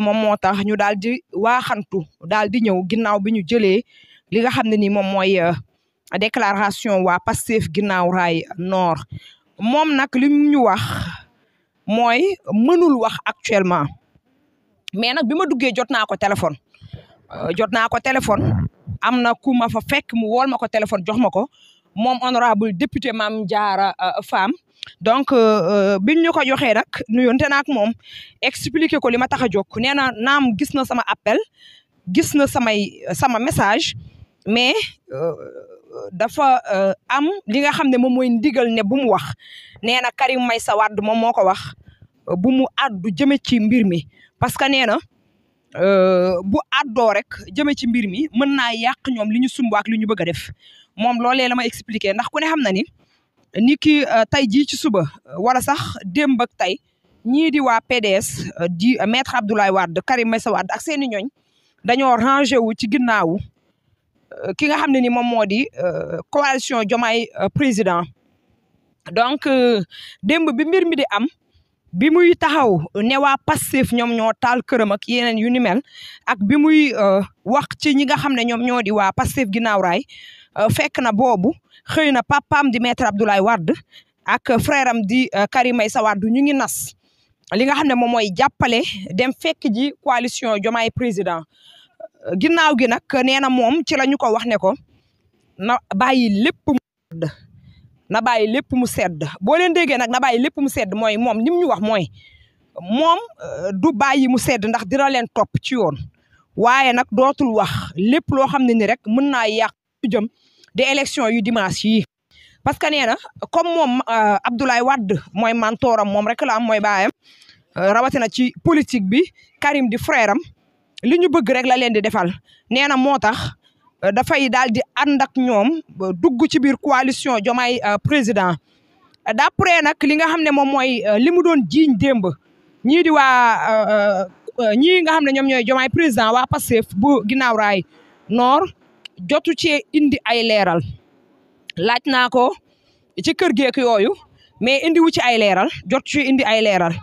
moom moo tax ñu daal di waaxantu daal di ñëw ginnaaw bi ñu jëlee li nga xam ne ni moom mooy euh, déclaration waa Pastef ginnaaw raay nord moom nag li ñu wax mooy mënul wax actuellement mais nag bi ma duggee jot naa ko téléphone euh, jot naa ko téléphone am na ku ma fa fekk mu wool ma ko téléphone jox ma ko moom honorable député Mame Diarra euh, Fam donc euh, euh, biñ ñu ko joxee nag nuyonte na ak moom expliqué ko li ma tax a jóg nee na naam gis na sama appel gis na samay sama message mais euh, dafa am li nga xam ne moom mooy ndigal ne bu mu wax nee na Karim Meïssa Wade moom moo ko wax bu mu àddu jëme ci mbir mi parce que nee na bu àddoo rek jëme ci mbir mi mën naa yàq ñoom li ñu sumb ak ñu bëgg def moom loolee la ma expliqué ndax ku ne xam na ni ni ki euh, tey jii ci suba euh, wala sax démb ak tey ñii di waa PDS euh, di maître Abdoulaye Wade Karim Meïssa Wade ak seeni i ñooñ dañoo rangé wu ci ginnaawu ki nga xam ne ni moom moo di coalition jomay président donc démb bi mbir mi di am bi muy taxaw ne waa Pastef ñoom ñoo taal këram ak yeneen yu ni mel ak bi muy wax ci ñi nga xam ne ñoom ñoo di waa Pastef ginnaaw raay Euh, fekk na boobu xëy na papaam di maître Abdoulaye Wade ak frère am di euh, Karim Meïssa Wade ñu ngi nas li nga xam ne moom mooy jàppale dem fekk ji coalition Diomaye président euh, ginnaaw gi nag nee na moom ci la ñu ko wax ne ko na bàyyi lépp mu sedd na bàyyi lépp mu sedd boo leen déggee nag na bàyyi lépp mu sedd mooy moom lim ñu wax mooy moom du bàyyi mu sedd ndax dina leen topp ci yoon waaye nag dootul wax lépp loo xam ne ni rek mën naa yàq jëm di élection yu dimanche yi parce que nee na comme moom euh, Abdoulaye Wade mooy mantooram moom rek la am mooy baayam euh, rawatina ci politique bi Karim di frère am li ñu bëgg rek la leen di defal nee na moo tax euh, dafay daal di ànd ak ñoom dugg ci biir coalition Diomaye président d'après nag li nga xam ne moom mooy li mu doon jiiñ démb ñii di waa ñii nga xam ne ñoom ñooy Diomaye président waa Pastef bu ginnaaw raay noor jotu cee indi ay leeral laaj naa ko ci kër geek yooyu mais indi wu ci ay leeral jotu ci indi ay leeral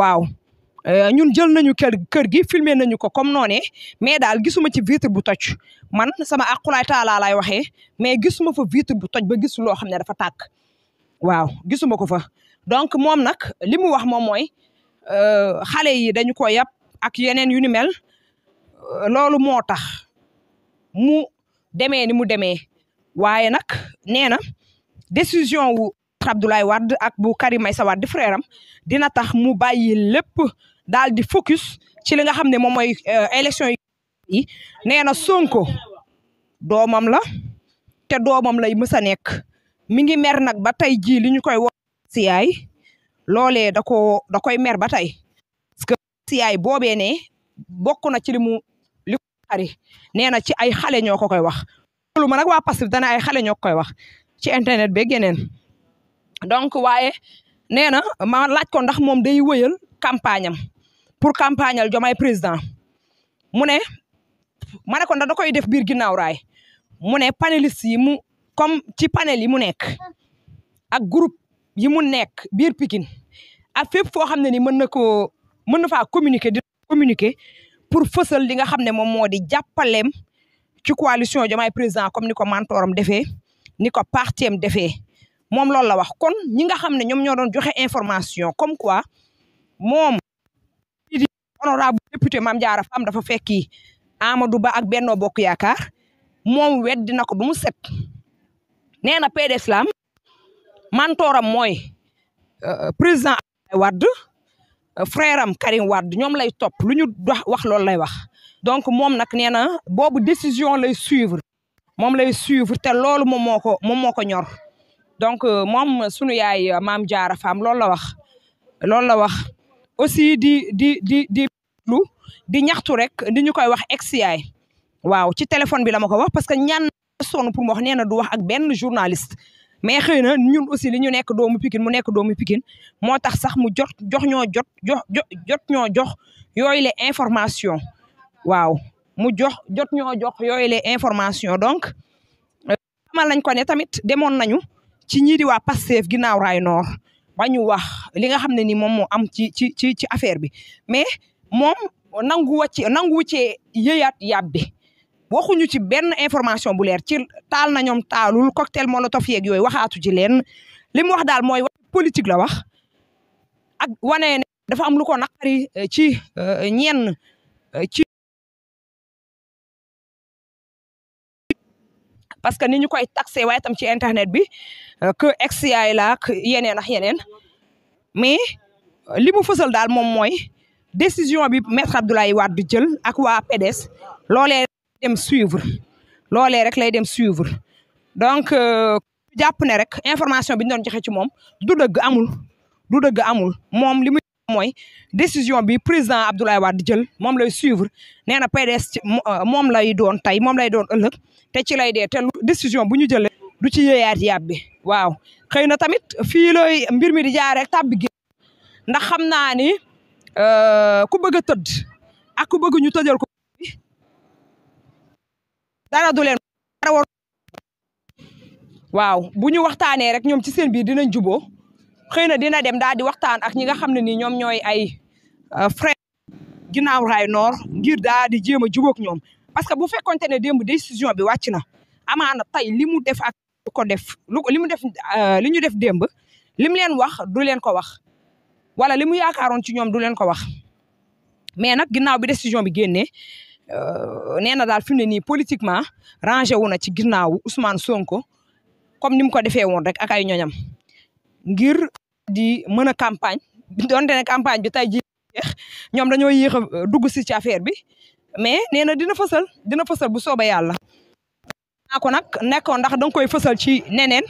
waaw euh, ñun jël nañu kër kër gi filmer nañu ko comme noone mais daal gisuma ci vitre bu toj man sama aqulaay taalaa laay waxee mais gisuma fa vitre bu toj ba gis loo xam ne dafa tàkk waaw gisuma ko fa donc moom nag li mu wax moom mooy euh, xale yi dañu ko yàpp ak yeneen yu ni mel euh, loolu moo tax mu demee ni mu demee waaye nag nee na décision wu Abdoulaye Wade ak bu Karim Meïssa Wade frère am dina tax mu bàyyi lépp dal di focus ci li nga xam ne moom mooy euh, élection yi nee na Sonko doomam la te doomam lay mës a nekk mi ngi mer nag ba tey jii li ñu koy wax si yaay loolee da ko da koy mer ba tey parce que si yaay boobee bokk na ci li mu ari nee na ci ay xale ñoo ko koy wax loolu ma nag waa Pastef dana ay xale ñoo ko koy wax ci internet be geneen donc waaye nee na ma laaj kon ndax moom day wëyal campagne pour campagne al Diomaye président mu ne ma ne ko da koy def biir ginnaaw raay mu ne panélistes yi mu comme ci panel yi mu nekk ak groupe yi mu nekk biir Pikine ak fépp foo xam ne ni mën na koo mën na faa communiquer di communiquer pour fësal li nga xam ne moom moo di jàppaleem ci coalition jamaay président comme ni ko mantooram defee ni ko partiem defee moom loolu la wax kon ñi nga xam ne ñoom ñoo doon joxe information comme quoi moom idi honorable député Mame Diarra Fam dafa fekki Amadou Ba ak Benno Bokk Yaakaar moom weddi na ko ba mu set nee na PDS la am mantooram mooy euh, président Abdoulaye frère am Karim Wade ñoom lay topp lu ñu dox wax loolu lay wax donc moom nag nee na boobu décision lay suivre moom lay suivre te loolu moom moo ko moom moo ko ñor donc euh, moom sunu yaay euh, maam Jaara Faam loolu la wax loolu la wax aussi di di di di lu di ñaxtu rek di ñu koy wax ex yaay waaw ci téléphone bi la ma ko wax parce que ñan sonn pour mu wax nee na du wax ak benn journaliste mais xëy na ñun aussi li nekk doomu Pikine mu nekk doomu Pikine moo tax sax mu jot jox ñoo jot jox jot ñoo jox yooyu le information waaw mu jox jot ñoo jox yooyu le information donc euh, xamal nañ ko ne tamit demoon nañu ci ñii di waa Pastef ginnaaw raay noor ba ñu wax li nga xam ne ni moom moo am ci ci ci ci affaire bi mais moom nangu wacce nangu wuccee yëyaat yàb bi waxuñu ci benn information bu leer ci taal na ñoom taalul cocktail molotov yeeg yooyu waxaatu ci leen li mu wax daal mooy politique la wax ak wane ne dafa am lu ko naqari euh, ci euh, ñenn euh, ci parce que ni ñu koy taxé waaye tam ci internet bi que ex-yaay la ak yeneen ak yeneen mais limu fasal daal moom mooy décision bi maître Abdoulaye Wade jël ak waa PDS loolee suivre loolee rek lay dem suivre donc euh, jàpp ne rek information bi ñu doon joxe ci moom du dëgg amul du dëgg amul moom li muy mooy décision bi président Abdoulaye Wade jël moom lay suivre nee na PDS ci euh, moom lay doon tey moom lay doon ëllëg te ci lay de te décision bu ñu jëlee du ci yéeyaat yàbb bi waaw xëy na tamit fii lay mbir mi di jaare rek tàbbi gi ndax xam naa ni euh, ku bëgg a tëdd ak ku ñu tëjal ko dara du leen dara war bu ñu waxtaanee rek ñoom ci seen biir dina juboo xëy na dina dem daal di waxtaan ak ñi nga xam ne nii ñoom ñooy ay euh, frère ginnaaw raay noor ngir daal di jéem a jubóog ñoom parce que bu fekkonte ne démb décision bi wàcc na amaana tey li mu def ak ko def lu li mu def euh, li ñu def démb li mu leen wax du leen ko wax wala li mu yaakaaroon ci ñoom du leen ko wax mais nag ginnaaw bi décision bi génnee Euh, nee na daal fi mu ne nii politiquement rangé wu na ci ginnaawu Ousmane Sonko comme ni mu ko defee woon rek ak ay ñoñam ngir di mën a campagne donte ne campagne bi tey jii ñoom dañoo yéex a euh, dugg si ci affaire bi mais nee na dina fësal dina fësal bu soobee yàlla. naa ko nag nekkoon ndax danga koy fësal ci neneen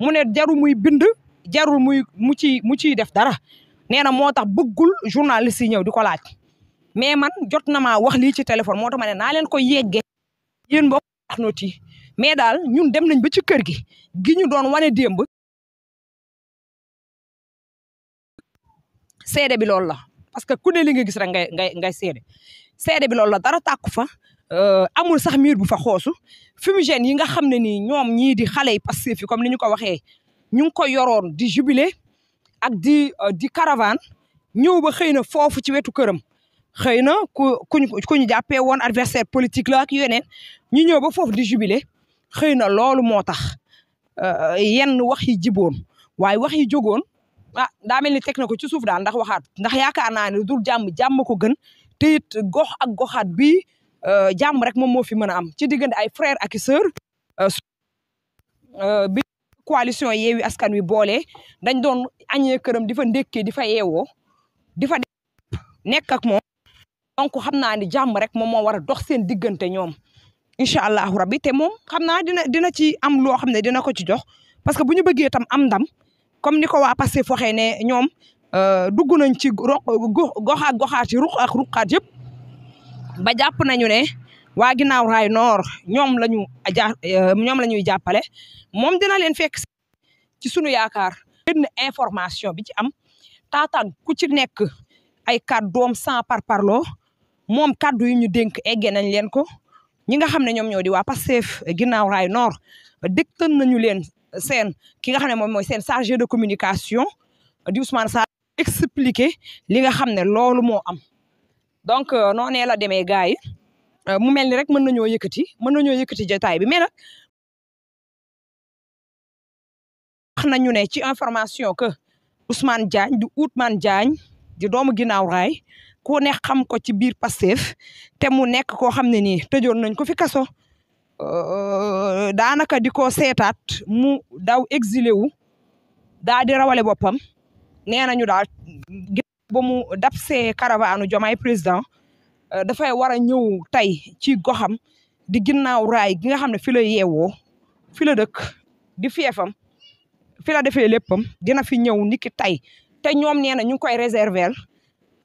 mu ne jarul muy bind jarul muy mu ci mu ciy def dara nee na moo tax bëggul journaliste yi ñëw di ko laaj. mais man jot na ma wax lii ci téléphone moo tax ma ne naa leen ko yeggee yéen mbokk noot yi mais daal ñun dem nañ ba ci kër gi gi ñu doon wane démb seede bi loolu la parce que ku ne li nga gis rek ngay ngay ngay seede bi loolu la dara tàkku fa euh, amul sax miir bu fa xoosu fumigène yi nga xam ne ni ñoom ñii di xale yi fi yi comme ni ñu ko waxee ñu ngi ko yoroon di jubile ak di euh, di caravane ñëw ba xëy na foofu ci wetu këram xëy na ku kuñ kuñu jàppee woon adversaire politique la ak yeneen ñu ñëw ba foofu di jubilé xëy na loolu moo tax euh, yenn wax yi jiboon waaye wax yi jógoon a ah, daa mel ni teg na ko ci suuf daal ndax waxaat ndax yaakaar naa ne dul jàmm jàmm ko gën te it gox ak goxaat bi euh, jàmm rek moom moo fi mën a am ci diggante ay frère ak i sœur euh, bi coalition Yewwi Askan Wi boole dañ doon añee këram di fa ndékkee di fa yeewoo di fa moom donc xam naa ni jàmm rek moom moo war a dox seen diggante ñoom incha allahu rabbi te moom xam naa dina dina ci am loo xam ne dina ko ci jox parce que bu ñu bëggee tam am dam comme ni ko waa Pastef foxee ne ñoom euh, dugg nañ ci gox ak goxaat yi ruq ak ruqaat yëpp ba jàpp nañu ne waa ginnaaw raay noor ñoom lañu ja euh, ñoom la ñuy jàppale moom dina leen fekk ci sunu yaakaar benn information bi ci am taata ku ci nekk ay kàddoom par parparloo moom kàddu yu ñu dénk eggee nañ leen ko ñi nga xam ne ñoom ñoo di waa Pastef ginnaaw raay nord dégtal nañu leen seen ki nga xam ne moom mooy seen chargé de communication di Ousmane Sarr expliqué li nga xam ne loolu moo am donc euh, noonee la demee gars yi euh, mu mel ni rek mën nañoo yëkkati mën nañoo yëkkati jotaay bi mais nag wax nañu ne ci information que Ousmane Diagne du Outmane Diagne di doomu ginnaaw raay ku ne xam ko ci biir Pastef te mu nekk koo xam ne nii tëjoon nañ ko fi kaso euh, daanaka di ko seetaat mu daw exilé wu daa di rawale boppam nee nañu daal ba mu dab see caravane Diomaye président euh, dafay war a ñëw tey ci goxam di ginnaaw raay gi nga xam ne fi la yeewoo fi la dëkk di fiefam fam la defee léppam dina fi ñëw niki tey te ñoom nee na ñu ngi koy réserver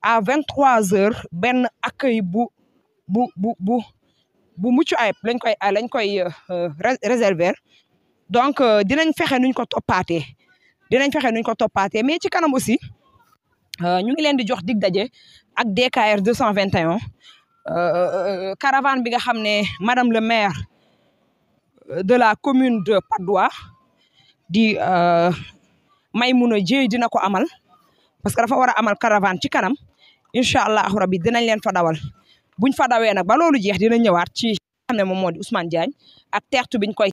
a vingt trois heures benn accueil bu bu bu bu bu mucc ayib lañ koy lañ koy euh, euh, réserver donc euh, dinañ fexe nuñ ko toppaatee dinañ fexe nuñ ko toppaatee mais ci kanam aussi ñu ngi leen di jox dig daje ak DKR 221 caravane bi nga xam ne madame le maire de la commune de Patte d'Oie di Maymouna Dièye dina ko amal parce que dafa war a amal caravane ci kanam incha allahu rabi dinañ leen fa dawal buñ fa dawee nag ba loolu jeex dina ñëwaat ci xam moom moo di Ousmane Diagne ak teertu biñ koy